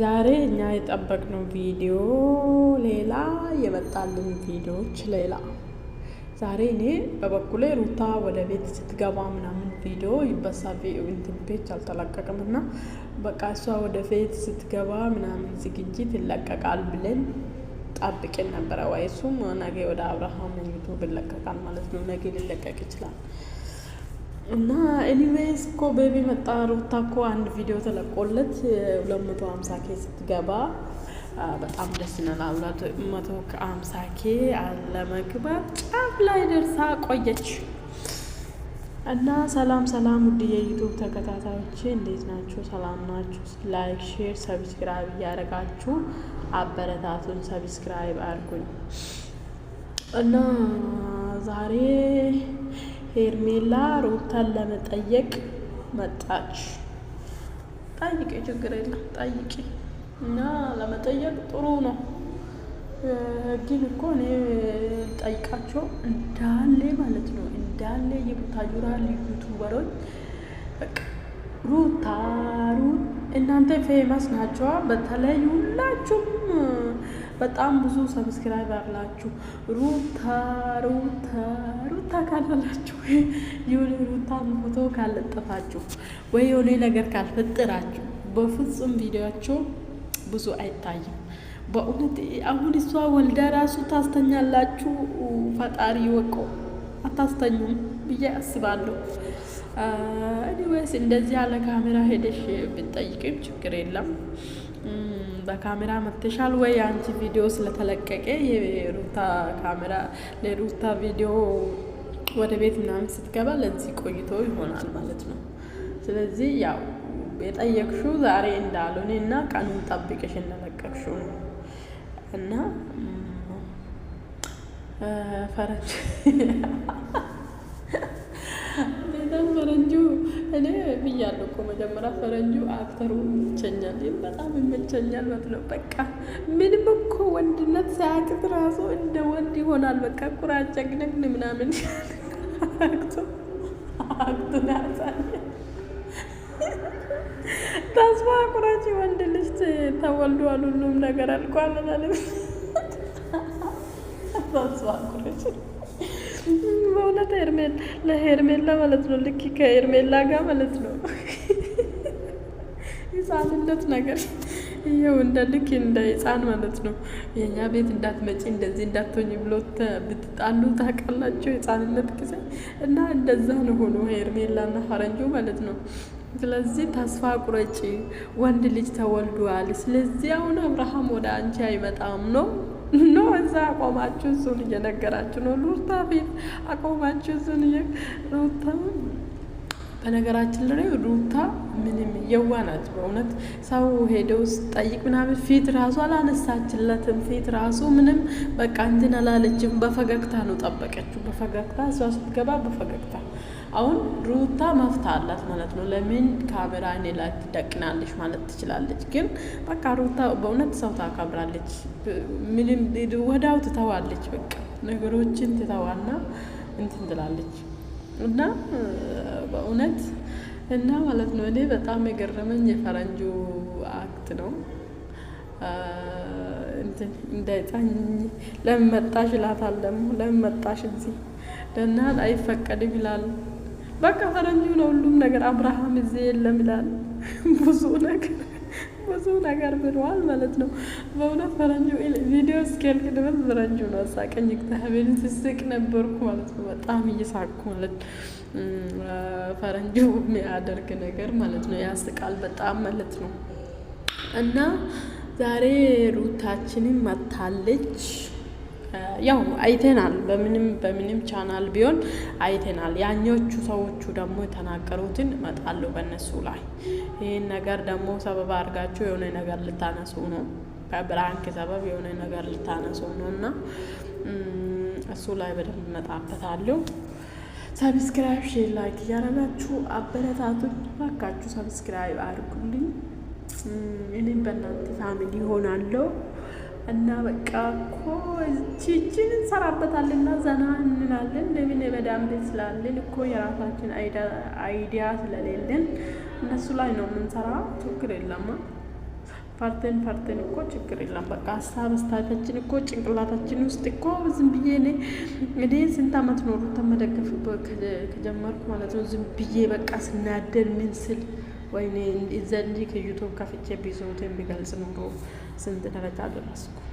ዛሬ እኛ የጠበቅነው ቪዲዮ ሌላ፣ የመጣልን ቪዲዮዎች ሌላ። ዛሬ እኔ በበኩሌ ሩታ ወደ ቤት ስትገባ ምናምን ቪዲዮ ይበሳ እንትን ፔጅ አልተለቀቅም እና በቃ እሷ ወደ ቤት ስትገባ ምናምን ዝግጅት ይለቀቃል ብለን ጠብቄን ነበረ። ወይ እሱም ነገ ወደ አብርሃም ዩቱብ ይለቀቃል ማለት ነው። ነገ ሊለቀቅ ይችላል። እና ኤኒዌይስ እኮ ቤቢ መጣ። ሩታ እኮ አንድ ቪዲዮ ተለቆለት ሁለት መቶ ሀምሳ ኬ ስትገባ በጣም ደስ ይለናል። ሁለት መቶ ሀምሳ ኬ አለመግባት ጫፍ ላይ ደርሳ ቆየች። እና ሰላም ሰላም፣ ውድ የዩቱብ ተከታታዮቼ እንዴት ናችሁ? ሰላም ናችሁ? ላይክ፣ ሼር፣ ሰብስክራይብ እያደረጋችሁ አበረታቱን። ሰብስክራይብ አድርጉኝ እና ዛሬ ሄርሜላ ሩታን ለመጠየቅ መጣች። ጠይቄ ችግር የለም ጠይቄ እና ለመጠየቅ ጥሩ ነው። ግን እኮ እኔ ጠይቃቸው እንዳለ ማለት ነው እንዳለ የቡታጁራ ዩቱበሮች ሩታ ሩ እናንተ ፌመስ ናቸዋ። በተለይ ሁላችሁም በጣም ብዙ ሰብስክራይብ አላችሁ። ሩታ ሩታ ሩታ ካላላችሁ የሆነ ሩታ ፎቶ ካልለጠፋችሁ ወይ የሆነ ነገር ካልፈጠራችሁ በፍጹም ቪዲዮቸው ብዙ አይታይም። በእውነት አሁን እሷ ወልዳ ራሱ ታስተኛላችሁ። ፈጣሪ ወቆ አታስተኙም ብዬ አስባለሁ። እኔ uh, ወይስ እንደዚህ ያለ ካሜራ ሄደሽ ብትጠይቅም ችግር የለም። በካሜራ መተሻል ወይ አንቺ ቪዲዮ ስለተለቀቀ የሩታ ካሜራ ለሩታ ቪዲዮ ወደ ቤት ምናምን ስትገባ ለዚህ ቆይቶ ይሆናል ማለት ነው። ስለዚህ ያው የጠየቅሹ ዛሬ እንዳልሆነ እና ቀኑን ጠብቅሽ እንደለቀቅሽው ነው እና ፈረንጅ በጣም ፈረንጁ እኔ ብያለሁ እኮ መጀመሪያ ፈረንጁ አክተሩ ይመቸኛል፣ በጣም ይመቸኛል ማለት ነው። በቃ ምንም እኮ ወንድነት ሳያቅት ራሱ እንደ ወንድ ይሆናል። በቃ ቁራጭ ነግን ምናምን አክቶ አክቱን ያሳየ ተስፋ ቁራጭ ወንድ ልጅ ተወልዷል፣ ሁሉም ነገር አልቋል ተስፋ ቁራጭ በእውነት ለሄርሜላ ማለት ነው። ልክ ከሄርሜላ ጋር ማለት ነው ህፃንነት ነገር ይኸው እንደ ልክ እንደ ህፃን ማለት ነው። የእኛ ቤት እንዳትመጪ እንደዚህ እንዳትሆኝ ብሎ ብትጣሉ ታውቃላችሁ፣ ህፃንነት ጊዜ እና እንደዛ ነው ሆኖ ሄርሜላና ፈረንጆ ማለት ነው። ስለዚህ ተስፋ ቁረጪ፣ ወንድ ልጅ ተወልዷል። ስለዚህ አሁን አብርሃም ወደ አንቺ አይመጣም ነው ኖ እዛ አቆማችሁ እሱን እየነገራችሁ ነው። ሩታ ፊት አቆማችሁ እሱን ሩታ በነገራችን ላይ ሩታ ምንም የዋ ናት። በእውነት ሰው ሄደው ስጠይቅ ምናምን ፊት ራሱ አላነሳችለትም። ፊት ራሱ ምንም በቃ እንትን አላለችም። በፈገግታ ነው ጠበቀችው። በፈገግታ እሷ ስትገባ በፈገግታ አሁን ሩታ መፍታ አላት ማለት ነው። ለምን ካሜራ እኔ ላይ ትደቅናለች ማለት ትችላለች። ግን በቃ ሩታ በእውነት ሰው ታከብራለች። ምንም ወዳው ትተዋለች። በቃ ነገሮችን ትተዋና እንትን ትላለች እና በእውነት እና ማለት ነው እኔ በጣም የገረመኝ የፈረንጁ አክት ነው። እንዳይጻኝ እንዳይጣኝ ለምን መጣሽ ይላታል። ደግሞ ለምን መጣሽ እዚህ ደህና አይፈቀድም ይላል። በቃ ፈረንጁ ነው ሁሉም ነገር። አብርሃም እዚህ የለም ይላል። ብዙ ነገር ብዙ ነገር ብለዋል ማለት ነው። በእውነት ፈረንጁ ቪዲዮ እስኪያልቅ ድረስ ፈረንጁ ነው አሳቀኝ። እግዚአብሔር ስስቅ ነበርኩ ማለት ነው። በጣም እየሳቅኩ ማለት ፈረንጁ የሚያደርግ ነገር ማለት ነው። ያስቃል በጣም ማለት ነው። እና ዛሬ ሩታችንን መታለች። ያው አይተናል። በምንም በምንም ቻናል ቢሆን አይተናል። ያኞቹ ሰዎቹ ደግሞ የተናገሩትን እመጣለሁ በእነሱ ላይ። ይህን ነገር ደግሞ ሰበብ አድርጋችሁ የሆነ ነገር ልታነሱ ነው፣ በብራንክ ሰበብ የሆነ ነገር ልታነሱ ነው እና እሱ ላይ በደንብ እመጣበታለሁ። ሰብስክራይብ፣ ሼር፣ ላይክ እያደረጋችሁ አበረታቱኝ ባካችሁ። ሰብስክራይብ አድርጉልኝ። እኔም በእናንተ ፋሚሊ ይሆናለሁ። እና በቃ እኮ ቺችን እንሰራበታልና ዘና እንላለን። ለምን በደንብ ስላለን እኮ የራሳችን አይዲያ ስለሌለን እነሱ ላይ ነው የምንሰራ። ችግር የለም? ፈርተን ፈርተን እኮ ችግር የለም። በቃ ሀሳብ ስታታችን እኮ ጭንቅላታችን ውስጥ እኮ ዝም ብዬ እኔ እንግዲህ ስንት አመት ኖሩ ተመደገፍ ከጀመርኩ ማለት ነው ዝም ብዬ በቃ ስናደድ ምን ስል ወይኔ እዛ ከዩቱብ ከፍቼ ቢዞትን ቢገልጽ ኖሮ ስንት ደረጃ ደረስኩ?